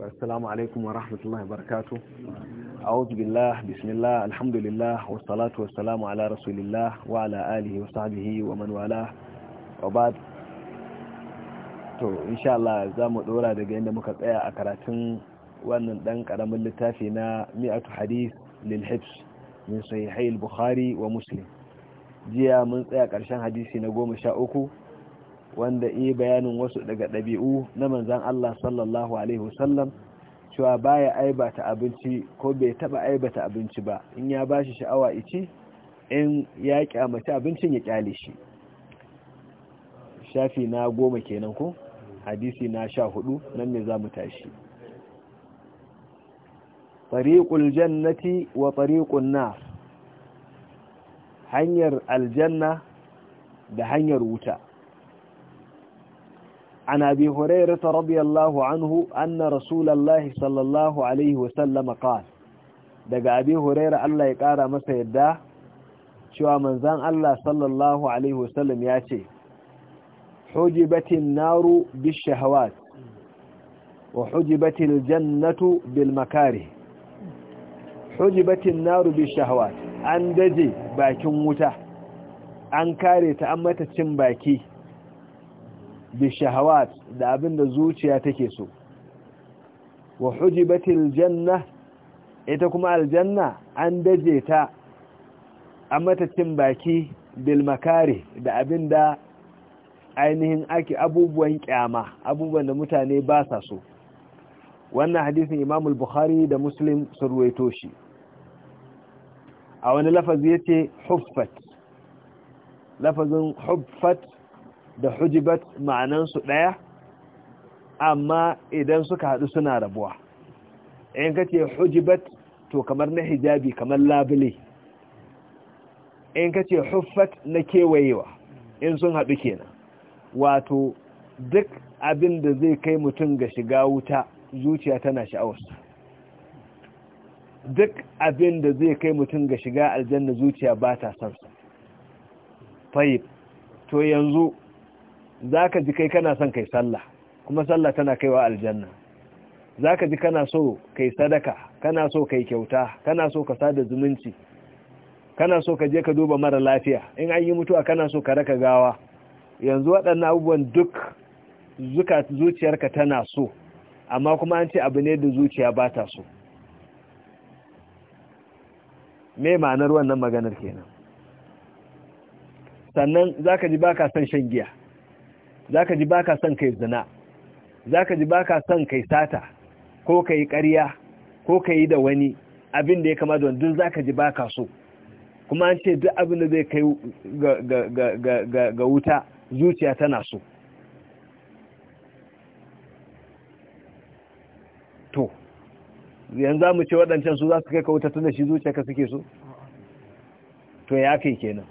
السلام عليكم ورحمة الله وبركاته أعوذ بالله بسم الله الحمد لله والصلاة والسلام على رسول الله وعلى آله وصحبه ومن والاه وبعد to insha Allah za daga inda muka tsaya a karatun wannan dan karamin littafi na mi'atu hadith lil hibs min sahihai al-bukhari wa muslim jiya mun tsaya karshen hadisi na goma sha uku wanda iya bayanin wasu daga ɗabi'u na manzan Allah sallallahu alaihi wasallam cewa baya aibata abinci ko bai taɓa aibata abinci ba in ya bashi sha'awa ici in ya kyamata abincin ya kyale shi shafi na goma kenan ko hadisi na sha hudu nan ne za mu tashi tariƙul jannati wa tariƙun nar hanyar aljanna da hanyar wuta عن أبي هريرة رضي الله عنه أن رسول الله صلى الله عليه وسلم قال دقى أبي هريرة الله يقار ما سيداه شوى من ذان الله صلى الله عليه وسلم ياتي حجبت النار بالشهوات وحجبت الجنة بالمكاره حجبت النار بالشهوات an daje bakin wuta an kare ta an bishahawat da abinda zuciya take so wa hujibatil janna ita kuma aljanna an daje ta a matacin baki bil makari da abinda ainihin ake abubuwan kyama abubuwan da mutane ba sa so wannan hadisin imamul bukhari da muslim surwaito shi a wani lafazi yace huffat lafazin huffat da hujibat ma'anansu ɗaya amma idan suka haɗu suna rabuwa in ka ce hujibat to kamar na hijabi kamar labule in ka ce huffat na kewayewa in sun haɗu kenan wato duk abin da zai kai mutum ga shiga wuta zuciya tana sha'awarsa duk abin da zai kai mutum ga shiga aljanna zuciya ba ta sansa to yanzu za ka ji kai kana son kai sallah kuma sallah tana kaiwa aljanna za ka ji kana so kai sadaka kana so kai kyauta kana so ka sada zumunci kana so ka je ka duba mara lafiya in an yi mutuwa kana so ka raka gawa yanzu waɗannan abubuwan duk zuciyarka tana so amma kuma an ce abu ne da zuciya ba ta so me ma'anar wannan maganar kenan sannan za ka ji ba ka son shan giya za ka ji ba ka son kai zina za ka ji ba ka son kai sata ko ka yi ƙarya ko ka yi da wani abin da ya kama da wani za ka ji ba ka so kuma an ce duk abin da zai kai ga wuta zuciya tana so to yanzu mu ce waɗancan su za su kai ka wuta tun da shi zuciya ka suke so to ya kai kenan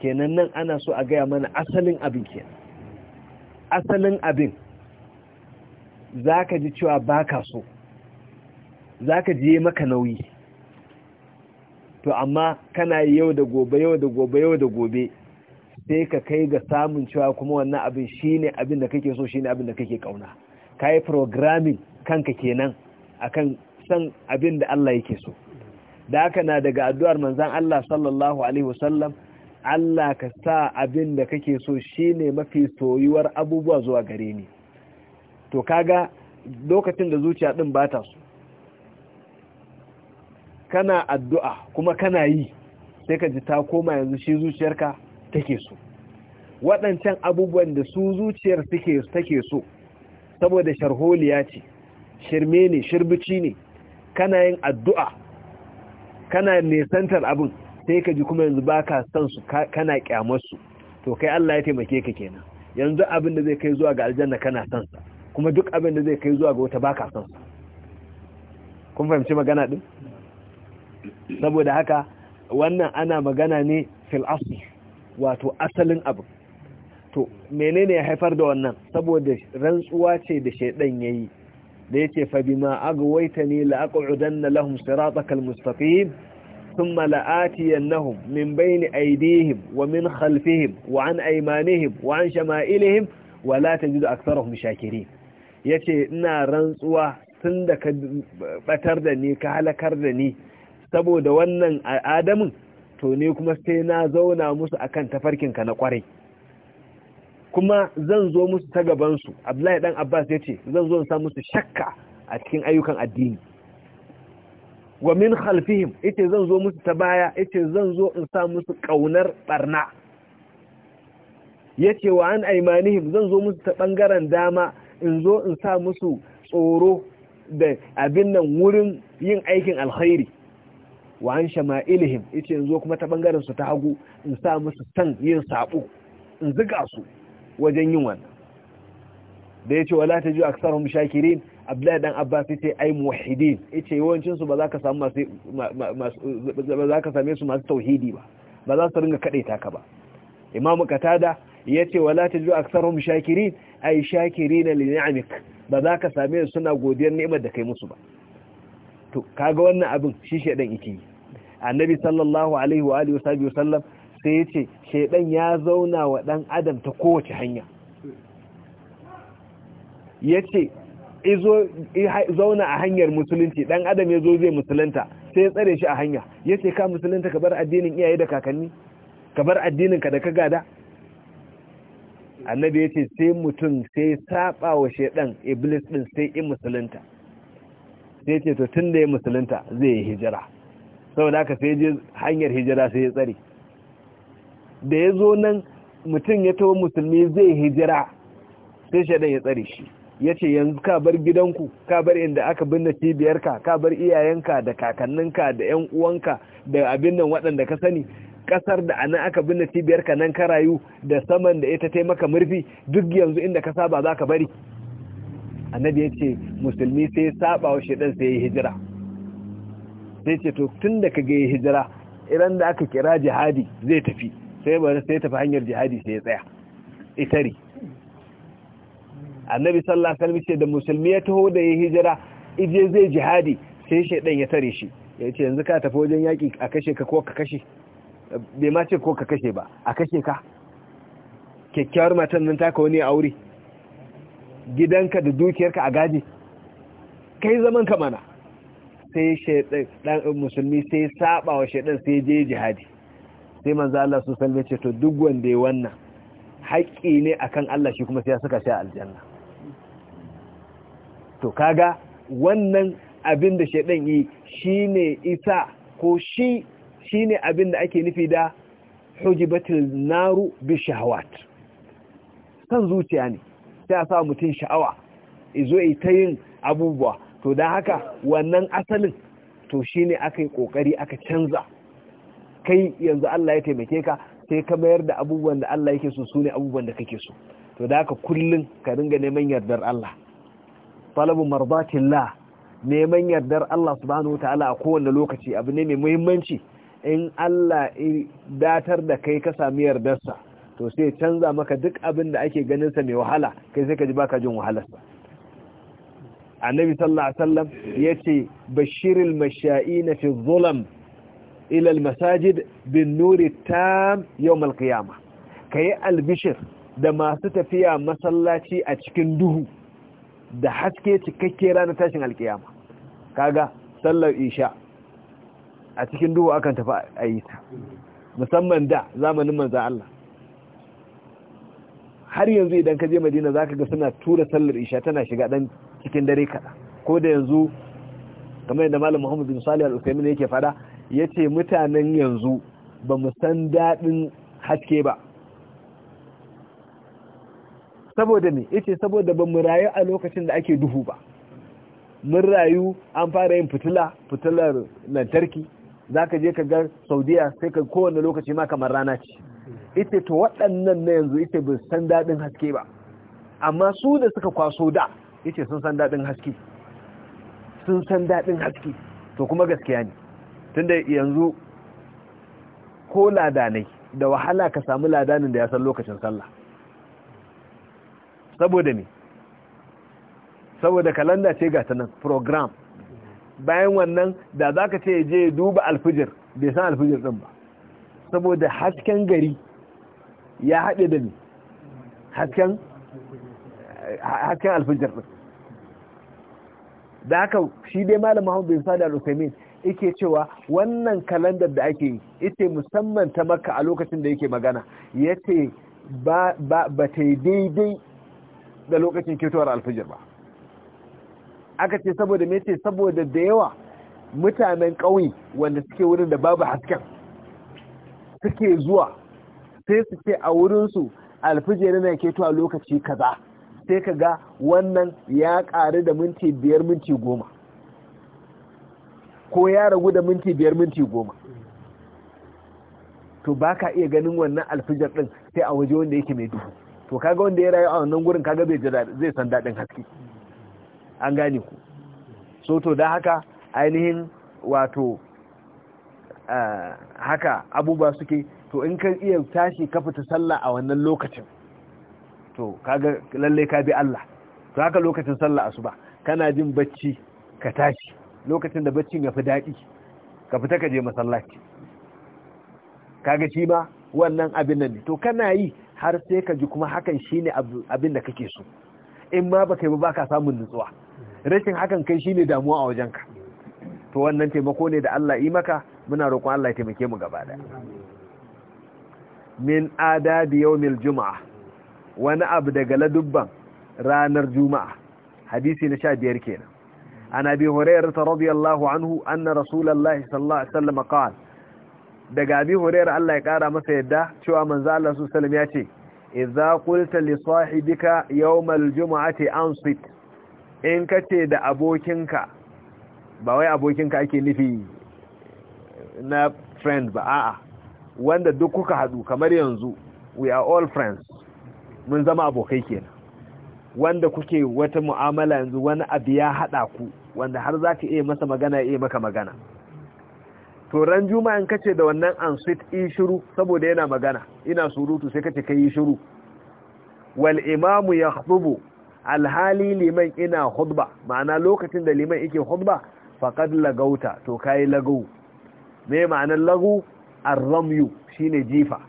kenan nan ana so a gaya mana asalin abin kenan asalin abin za ka ji cewa ba ka so za ka ji maka nauyi to amma kana yau da gobe yau da gobe yau da gobe sai ka kai ga samun cewa kuma wannan abin shi ne abin da kake so shi ne abin da kake kauna ka yi programming kanka kenan akan san abin da Allah yake so da haka na daga addu'ar manzan Allah sallallahu alaihi wasallam Allah ka sa abin da kake so shine mafi soyuwar abubuwa zuwa gare ni to kaga lokacin da zuciya din ta so? kana addu'a kuma kana yi sai ka ji ta koma yanzu shi zuciyarka take so waɗancan abubuwan da su zuciyar take so saboda sharholiya ce shirme ne shirbici ne kana yin addu'a kana nesantar abin sai ka ji kuma yanzu baka sansu su kana kyamar to kai Allah ya taimake ka kenan yanzu abin da zai kai zuwa ga aljanna kana san sa kuma duk abin da zai kai zuwa ga wata baka san sa kun fahimci magana din saboda haka wannan ana magana ne fil asli wato asalin abu to menene ya haifar da wannan saboda rantsuwa ce da shedan yayi da yace fa bima agwaitani la aqudanna lahum siratakal mustaqim Sun ثم لآتينهم من بين أيديهم ومن خلفهم وعن أيمانهم وعن شمائلهم ولا تجد أكثرهم شاكرين yace ina rantsuwa tun da ka batar da ni ka halakar da ni saboda wannan adamin to ne kuma sai na zauna musu a akan tafarkinka na kwarai kuma zan zo musu ta gabansu abdullahi dan abbas ya ce, zan zo in sa musu shakka a cikin ayyukan addini wa min khalfihim ita zan zo musu ta baya ita zan zo in sa musu kaunar barna yace wa an aimanihim zan zo musu ta bangaren dama in zo in sa musu tsoro da abin nan wurin yin aikin alkhairi wa an shama'ilihim yace in zo kuma ta bangaren su ta hagu in sa musu san yin saɓo, in ziga su wajen yin wannan da yace wala ji aktsarum shakirin abdullahi dan abbas sai ai muwahhidin yace yawancin su ba za ka samu masu same su masu tauhidi ba ba za su ringa kadaita ka ba imam qatada yace wala tajidu aktharuhum shakirin ai shakiri li ni'amik ba za ka same su suna godiyar ni'imar da kai musu ba to kaga wannan abin shi shedan yake annabi sallallahu alaihi wa alihi wasallam sai yace shedan ya zauna wa dan adam ta kowace hanya yace zauna a hanyar musulunci dan adam ya zo zai musulunta sai ya tsare shi a hanya ya ce ka musulunta ka bar addinin iyaye da kakanni ka bar addinin ka da ka gada annabi ya ce sai mutum sai saba wa shaidan iblis din sai in musulunta sai ce to tun da ya musulunta zai yi hijira saboda haka sai je hanyar hijira sai ya tsare da ya zo nan mutum ya tawo musulmi zai hijira sai shaidan ya tsare shi ya ce yanzu ka bar gidanku ka bar inda aka binne cibiyarka ka bar iyayenka da kakanninka da yan uwanka da abin nan waɗanda ka sani kasar da anan aka binne cibiyarka nan ka rayu da saman da ita taimaka murfi duk yanzu inda ka saba za ka bari annabi ya ce musulmi sai saba wa shaidan sai ya hijira sai ce to tun da ka ga hijira idan da aka kira jihadi zai tafi sai bari sai tafi hanyar jihadi sai ya tsaya itari annabi sallallahu alaihi wasallam ce da musulmi ya taho da ya hijira ije zai jihadi sai shaidan ya tare shi yace ce yanzu ka tafi wajen yaki a kashe ka ko ka kashe bai ma ce ko ka kashe ba a kashe ka kyakkyawar matan nan taka wani aure gidanka da dukiyarka a gaji kai zaman ka mana sai shi dan musulmi sai saba wa shaidan sai je jihadi sai manzo Allah su ce to duk wanda ya wannan haƙƙi ne akan Allah shi kuma sai ya saka shi a aljanna to kaga wannan abin da shaidan yi shi ne isa ko shi shi ne abin da ake nufi da hujibatul naru bi shahawat san zuciya ne sai a sa mutum sha'awa izo yi ta yin abubuwa to da haka wannan asalin to shi aka yi kokari aka canza kai yanzu Allah ya taimake ka sai ka mayar da abubuwan da Allah yake so sune abubuwan da kake so to da haka kullun ka ringa neman yardar Allah talabu marbatillah neman yardar Allah subhanahu wataala a kowane lokaci abu ne mai muhimmanci in Allah datar da kai ka sami yardarsa to sai canza maka duk abin da ake ganin sa mai wahala kai sai ka ji baka jin wahalarsa annabi sallallahu alaihi wasallam yace bashiril masha'ina fi dhulam ila masajid bin nuri tam yawm qiyamah kai albishir da masu tafiya masallaci a cikin duhu da haske cikakke ranar tashin alkiyama kaga sallar isha a cikin duhu akan tafi a yi ta musamman da zamanin manza Allah har yanzu idan ka je madina za ka ga suna tura sallar isha tana shiga dan cikin dare kaɗa ko da yanzu kamar yadda malam muhammad bin salih al-usaimin yake fada ya ce mutanen yanzu ba mu san daɗin haske ba saboda me yace saboda ba mu rayu a lokacin da ake duhu ba mun rayu an fara yin fitila fitilar lantarki ka je ka ga Saudiya sai ka kowane lokaci ma kamar rana ce ita to waɗannan na yanzu ita ba san daɗin haske ba amma su da suka kwaso da ita sun san daɗin haske sun san daɗin haske to kuma gaskiya ne tunda yanzu ko ladanai da wahala ka samu ladanin da ya san lokacin sallah saboda ne saboda kalanda ce ga ta nan program bayan wannan da za ka ce je duba alfijir bai san alfijir din ba saboda hasken gari ya haɗe da ni hasken alfijir din da haka shi dai malama Muhammad bin Sadi ike yake cewa wannan kalandar da ake yi ita musamman ta maka a lokacin da yake magana ya ce ba ta daidai da lokacin ketowar alfijir ba aka ce saboda me ce saboda da yawa mutanen ƙauye wanda suke wurin da babu hasken suke zuwa sai su ce a wurinsu alfijir na ketowa lokaci kaza sai ka ga wannan ya ƙaru da minti biyar minti goma ko ya ragu da minti biyar minti goma to ba ka iya ganin wannan alfijar ɗin sai a waje wanda yake mai duhu to kaga wanda ya rayu a wannan gurin kaga bai zai san dadin haske an gane ku so to da haka ainihin wato haka abubuwa suke to in kan iya tashi ka fita sallah a wannan lokacin to kaga lalle ka bi Allah to haka lokacin sallah asuba kana jin bacci ka tashi lokacin da baccin ya fi daɗi ka fita ka je masallaci kaga shi ma wannan abin nan to kana yi har sai ka ji kuma hakan shine abin da kake so in ma baka yi ba ka samun nutsuwa rashin hakan kai shine damuwa a wajen ka to wannan taimako ne da Allah yi maka muna roƙon Allah ya taimake mu gaba da min adabi yawmil juma'a wani abu daga ladubban ranar juma'a hadisi na 15 kenan an abi hurairah radiyallahu anhu anna rasulullahi sallallahu alaihi wasallam qala daga abi hurairah Allah ya kara masa yadda cewa manzo Allah su sallam ya ce idza qulta li sahibika yawmal jumu'ati ansit in kace da abokinka ba wai abokinka ake nufi na friend ba a'a wanda duk kuka hadu kamar yanzu we are all friends mun zama abokai kenan wanda kuke wata mu'amala yanzu wani abu ya hada ku wanda har zaka iya masa magana iya maka magana to ran juma'a in kace da wannan ansit yi shiru saboda yana magana ina surutu sai ka ce kai yi shiru wal imamu yakhutubu alhali liman ina khutba ma'ana lokacin da liman yake khutba faqad lagauta to kai lagu me ma'anar lagu ar-ramyu shine jifa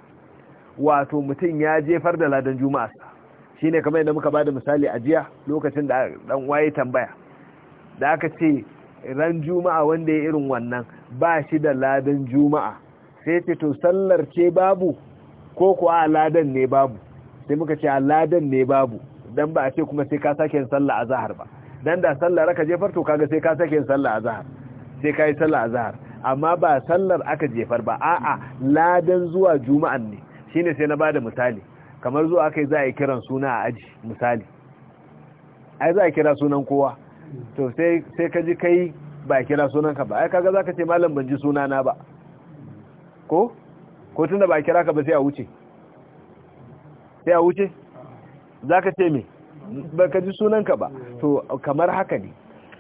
wato mutum ya jefar da ladan juma'a shine kamar yadda muka ba da misali a jiya lokacin da dan waye tambaya da aka ce ran juma'a wanda ya irin wannan ba shi da ladan juma'a sai ce to sallar ce babu ko kuwa ladan ne babu sai muka ce ladan ne babu dan ba a ce kuma sai ka sake yin sallah a zahar ba dan da sallar aka jefar to kaga sai ka sake yin sallah a zahar sai ka yi sallah a zahar amma ba sallar aka jefar ba a'a ladan zuwa juma'an ne shine sai na bada misali kamar zuwa kai za a yi kiran suna a aji misali ai za a kira sunan kowa to sai ka ji kai ba a kira sunanka ba ai kaga zaka ce malam ban ji sunana ba ko ko tunda ba a kira ka ba sai a wuce sai a wuce zaka ce me baka ji sunanka ba to kamar haka ne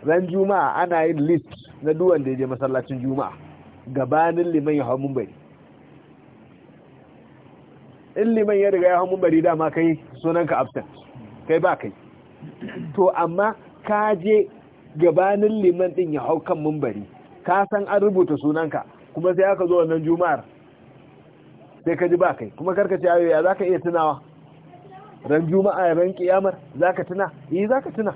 ran juma'a ana yin list na duwan da ya je masallacin juma'a gabanin liman ya hawo mumbari in liman ya riga ya hawo mumbari dama kai sunanka absent kai ba kai to amma ka je gabanin liman din ya hau kan mumbari ka san an rubuta sunanka kuma sai aka zo wannan juma'ar sai ka ji ba kai kuma karka ce ayoyi za ka iya tunawa ran juma'a ran kiyamar za ka tuna yi eh, za ka tuna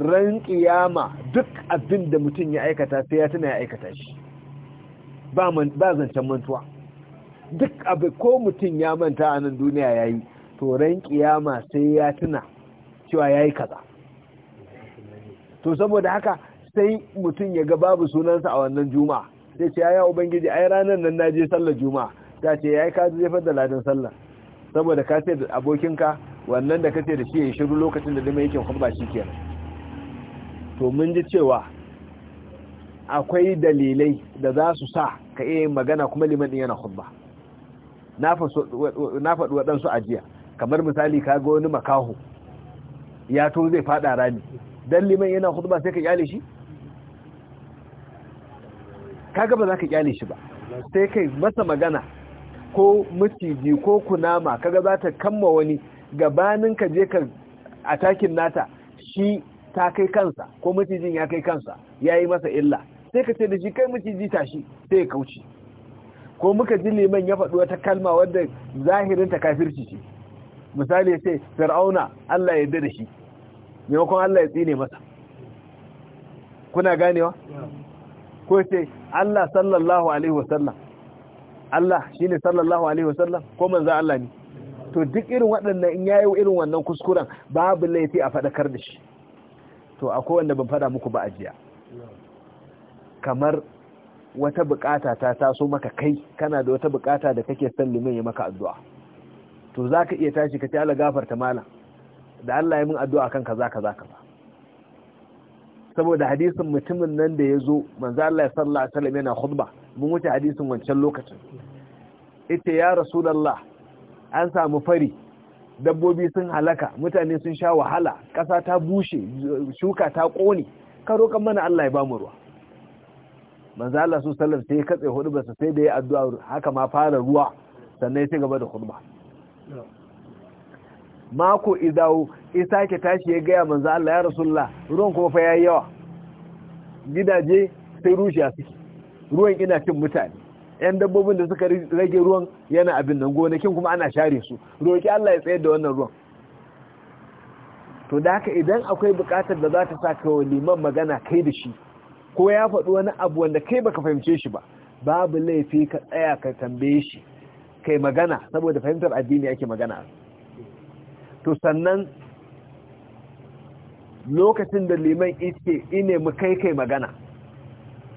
ran kiyama duk abin da mutum ya aikata sai ya tuna ya aikata shi ba zancen mantuwa duk abin ko mutum ya manta a nan duniya ya yi to ran kiyama sai ya tuna cewa ya yi kaza to saboda haka sai mutum ya ga babu sunansa a wannan juma'a sai ce ya ubangiji ai ranar nan naje sallar juma'a ta ce yayi ka jefar da ladan sallar saboda ka ce da abokinka wannan da kace da shi ya shiru lokacin da dama yake kuma ba shi kenan to mun ji cewa akwai dalilai da za su sa ka iya magana kuma liman din yana khutba na faɗi waɗansu ajiya kamar misali ka ga wani makaho ya to zai faɗa rami dan liman yana khutba sai ka kyale shi kaga ba za ka kyale shi ba sai kai masa magana ko maciji ko kunama kaga za ta kamma wani gabanin ka je ka atakin nata shi ta kai kansa ko macijin ya kai kansa yayi masa illa sai ka ce da shi kai maciji tashi sai ya kauce ko muka ji liman ya faɗi wata kalma wadda zahirin ta kafirci ce misali sai fir'auna Allah ya yarda da shi maimakon Allah ya tsine masa kuna ganewa ko ce Allah sallallahu alaihi wasallam Allah shine sallallahu alaihi wasallam ko manzo Allah ne to duk irin waɗannan in yayi irin wannan kuskuren babu laifi a fadakar da shi to akwai wanda ban fada muku ba ajiya kamar wata bukata ta taso maka kai kana da wata bukata da kake son limin ya maka addu'a to zaka iya tashi ka ta Allah gafarta malam da Allah ya min addu'a kan kaza kaza kaza saboda hadisin mutumin nan da ya zo manzo Allah ya sallallahu alaihi wasallam yana khutba mun wuce hadisin wancan lokacin ita ya rasulullah an samu fari dabbobi sun halaka mutane sun sha wahala kasa ta bushe shuka ta ƙone ka roƙan mana Allah ya bamu ruwa manzo Allah alaihi wasallam sai katse hudubarsa ba sai da ya addu'a haka ma fara ruwa sannan sai gaba da khutba mako idawo isa ke tashi ya gaya manzo Allah ya rasulullah ruwan kofa fa yayi yawa gidaje sai rushiya suke ruwan ina cin mutane yan dabbobin da suka rage ruwan yana abin nan gonakin kuma ana share su roki Allah ya tsayar da wannan ruwan to da haka idan akwai bukatar da za ta sa kawo liman magana kai da shi ko ya faɗi wani abu wanda kai baka fahimce shi ba babu laifi ka tsaya ka tambaye shi kai magana saboda fahimtar addini ake magana to sannan lokacin da liman iske ine mu kai kai magana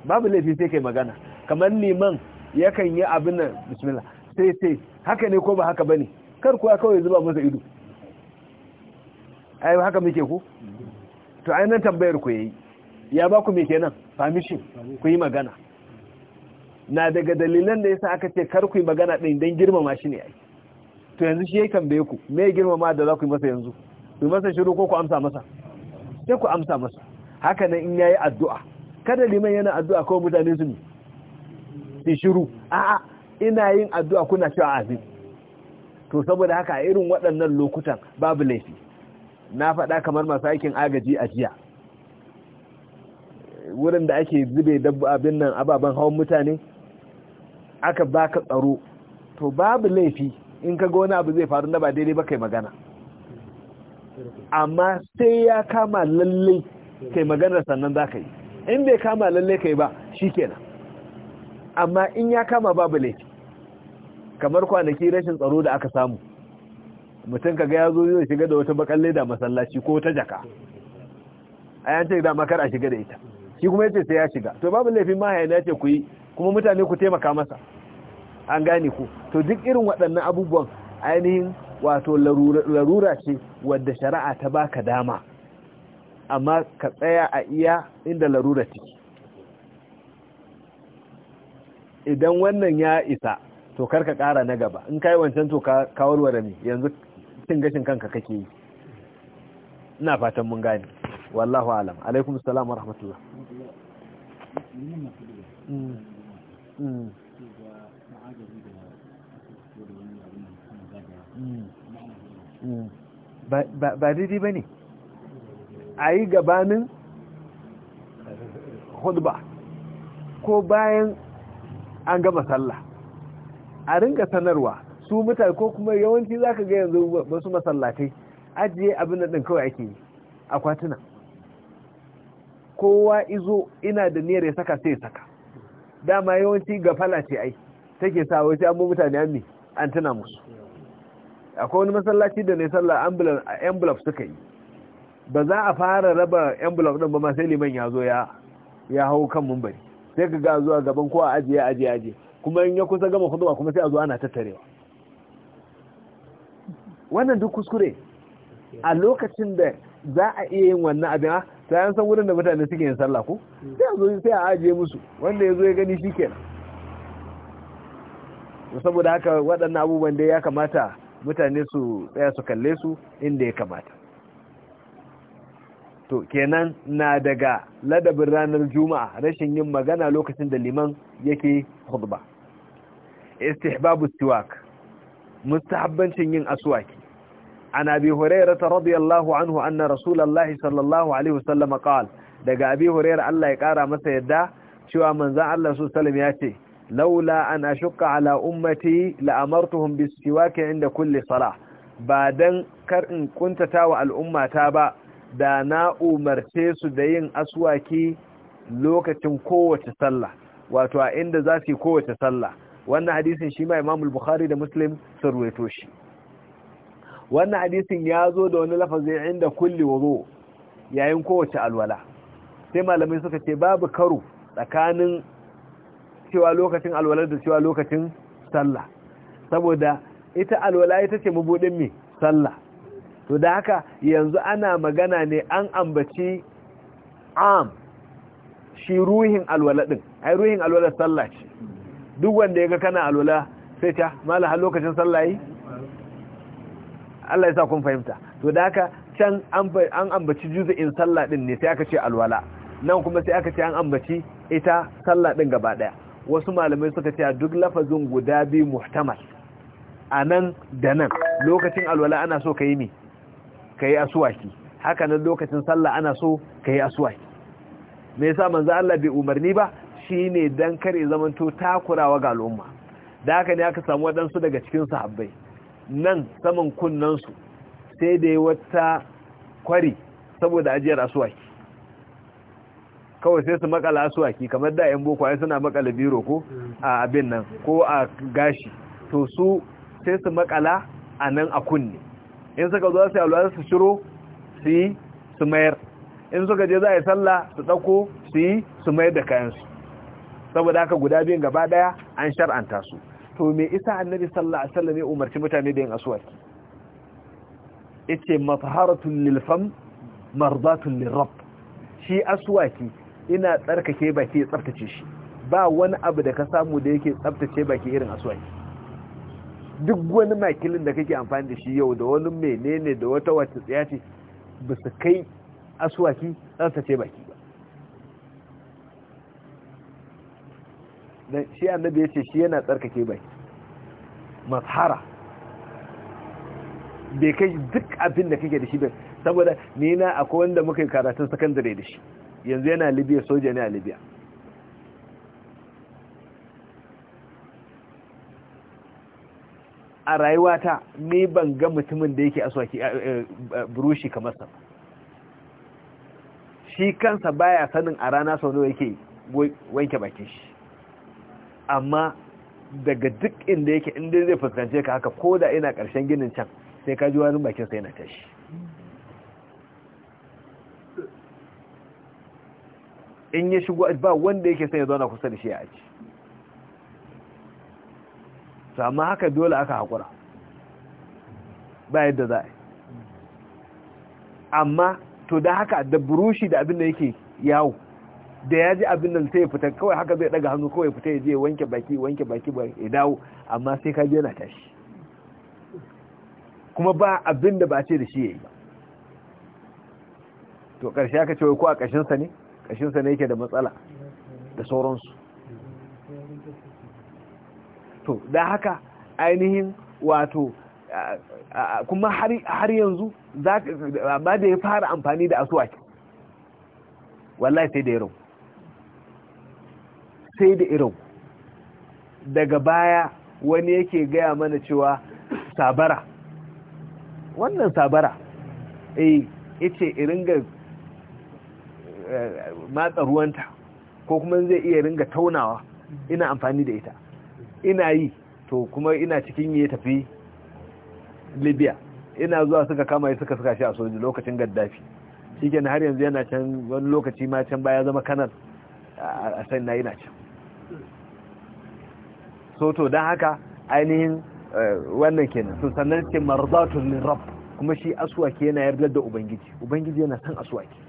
babu laifi sai kai magana kamar liman yakan yi abin nan bismillah sai sai haka ne ko ba haka bane kar kuwa kawai zuba masa ido ai haka muke ku to ai nan tambayar ku yayi ya ba ku me kenan permission ku yi magana na daga dalilan da yasa aka ce kar ku yi magana din dan girmama shi ne ai to yanzu shi ya tambaye ku me girmama da za ku yi masa yanzu ku yi masa shiru ko ku amsa masa sai ku amsa masa haka nan in yayi addu'a kada liman yana addu'a kawai mutane su ne su shiru a'a ina yin addu'a kuna cewa amin to saboda haka a irin waɗannan lokutan babu laifi na faɗa kamar masu aikin agaji a jiya wurin da ake zube abin nan ababen hawan mutane aka baka tsaro to babu laifi in ka ga wani abu zai faru na ba daidai ba kai magana amma sai ya kama lalle kai maganar sannan za ka yi in bai kama lalle kai ba shi kenan amma in ya kama babu laifi kamar kwanaki rashin tsaro da aka samu mutum kaga ya zo zai shiga da wata bakalle da masallaci ko ta jaka a yance da makar a shiga da ita shi kuma yace sai ya shiga to babu laifin ma ya ce ku yi kuma mutane ku taimaka masa an gane ku to duk irin waɗannan abubuwan ainihin wato larura ce wadda shari'a ta baka dama amma ka tsaya a iya inda larura ce idan wannan ya isa to kar ka ƙara na gaba in kai wancan to ka kawarware ne yanzu cin gashin kanka kake yi ina fatan mun gane wallahu alam alaikum salam wa rahmatullah hmm. Hmm. ba daidai ba ne a yi gabanin hudba ko bayan an gama sallah a ringa sanarwa su mutane ko kuma yawanci za ka ga yanzu masu masallatai ajiye abin da ɗin kawai ake yi akwatuna kowa izo ina da niyar ya saka sai saka dama yawanci ga ce ai take sa an amma mutane an ne an tuna musu akwai wani masallaci da ne sallah envelope suka yi ba za a fara raba envelope din ba ma sai liman ya zo ya hau kan mumbari sai ka ga zuwa gaban kowa a ajiye ajiye ajiye kuma in ya kusa gama khutba kuma sai a zo ana tattarewa wannan duk kuskure a lokacin da za a iya yin wannan abin sai ah, an san wurin da mutane suke yin sallah ko sai a zo sai a ajiye musu wanda ya zo ya gani shi kenan saboda haka waɗannan abubuwan da ya kamata mutane su tsaya su kalle su inda ya kamata to kenan na daga ladabin ranar juma'a rashin yin magana lokacin da liman yake hudba istihbabu siwak mustahabbancin yin aswaki an abi ta radiyallahu anhu anna rasulullahi sallallahu alaihi wasallam qala daga abi hurairah Allah ya kara masa yadda cewa manzon Allah sallallahu alaihi wasallam ya ce laula an ashqa ala ummati la'amartuhum bisiwaki inda kulli salah ba dan kar in kuntata wa al'ummata ba da na umarce su da yin aswaki lokacin kowace sallah wato a inda za su yi kowace sallah wannan hadisin shi ma imamul bukhari da muslim sun ruwaito shi wannan hadisin ya zo da wani lafazi inda kulli wudu yayin kowace alwala sai malamai suka ce babu karo tsakanin cewa lokacin alwalar da cewa lokacin sallah saboda ita alwala ita ce mabudin mai sallah to da haka yanzu ana magana ne an ambaci am shi ruhin alwala din ai ruhin alwala sallah ce duk wanda yaga kana alwala sai ta malaha lokacin sallah yi Allah ya sa kun fahimta to da haka can an ambaci juz'in sallah din ne sai aka ce alwala nan kuma sai aka ce an ambaci ita sallah din gaba daya wasu malamai suka ce duk lafazin guda biyu muhtamal a nan da nan lokacin alwala ana so ka yi mi ka asuwaki haka nan lokacin sallah ana so ka yi asuwaki me yasa manzo Allah bai umarni ba shine dan kare zamanto takurawa ga al'umma da haka ne aka samu wadansu daga cikin sahabbai nan saman kunnan su sai da wata kwari saboda ajiyar asuwaki kawai sai su makala asuwaki kamar da yan boko suna makala biro ko a abin nan ko a gashi to su sai su makala a nan a kunne in suka zo sai alwala su shiro su yi su mayar in suka je za a yi sallah su ɗauko su yi su mayar da kayansu saboda haka guda biyun gaba daya an shar'anta su to me isa annabi sallallahu alaihi wasallam ya umarci mutane da yin aswaki yace mathaharatun lilfam mardatun lil shi aswaki ina tsarkake baki ya tsabtace shi ba wani abu da ka samu da yake tsabtace baki irin aswaki duk wani makilin da kake amfani da shi yau da wani menene da wata wata tsayaci ce ba su kai aswaki tsabtace baki ba dan shi annabi ce shi yana tsarkake baki mashara bai kai duk abin da kake da shi ba saboda ni na akwai wanda muka yi karatun sakandare da shi yanzu yana libya soja ne a libya a rayuwata ni ban ga mutumin da yake aswaki eh, eh, eh, burushi kamar sa shi kansa baya sanin a rana sau nawa yake wanke bakin shi amma daga duk inda yake inda zai fuskance ka haka ko da ina karshen ginin can sai ka ji wani bakin sai na tashi in ya shigo ba wanda yake son ya zauna kusa da shi a ci amma haka dole aka haƙura ba yadda za a amma to da haka da burushi da abin da yake yawo da ya ji abin nan sai ya fita kawai haka zai daga hannu kawai fita ya je wanke baki wanke baki ba ya dawo amma sai ka jena tashi kuma ba abin da ba ce da shi ya yi ba to ƙarshe aka ce wai ko a ƙashinsa ne kashinsa ne yake da matsala da sauransu to da haka ainihin wato kuma har yanzu ba da ya fara amfani da asuwaki wallahi sai da irin sai da irin daga baya wani yake gaya mana cewa sabara wannan sabara eh yace iringa matsa ruwanta ko kuma zai iya ringa taunawa ina amfani da ita ina yi to kuma ina cikin ya tafi libya ina zuwa suka kama yi suka suka shi a soji lokacin gaddafi shi har yanzu yana can wani lokaci ma can baya zama kanar a san na ina can so to don haka ainihin eh, wannan kenan sun sannan ce marzatun rab kuma shi aswaki yana yarda da ubangiji ubangiji yana san aswaki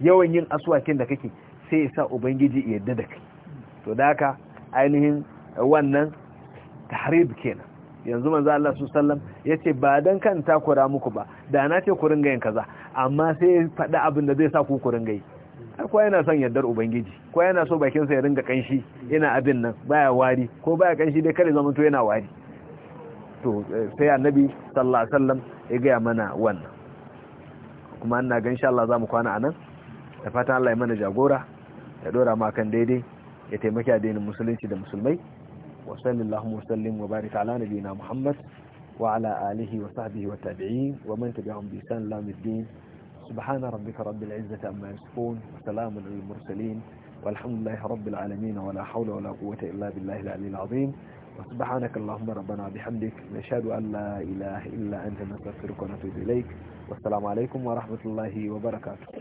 yawan yin asuwakin da kake sai ya sa ubangiji ya yarda da kai to da haka ainihin wannan tahrib kenan yanzu manzo Allah su sallam yace ba dan kan takura muku ba da na ce ku ringa yin kaza amma sai ya faɗi abin da zai sa ku ku ringa yi ko yana son yardar ubangiji ko yana so bakin sa ya ringa kanshi yana abin nan baya wari ko baya kanshi dai kare to yana wari to eh, sai annabi sallallahu alaihi wasallam ya ga mana wannan kuma ina ga insha Allah zamu kwana anan da fatan Allah ya mana jagora ya dora mu kan daidai ya taimaki addinin musulunci da musulmai wa sallallahu wa sallim wa barik ala nabiyina Muhammad wa ala alihi wa sahbihi wa tabi'in wa man tabi'ahum bi ihsan ila yawmiddin سبحان ربك رب العزة عما يصفون وسلام على المرسلين والحمد لله رب العالمين ولا حول ولا قوة إلا بالله العلي العظيم وسبحانك اللهم ربنا بحمدك نشهد أن لا إله إلا أنت نستغفرك ونتوب إليك والسلام عليكم ورحمة الله وبركاته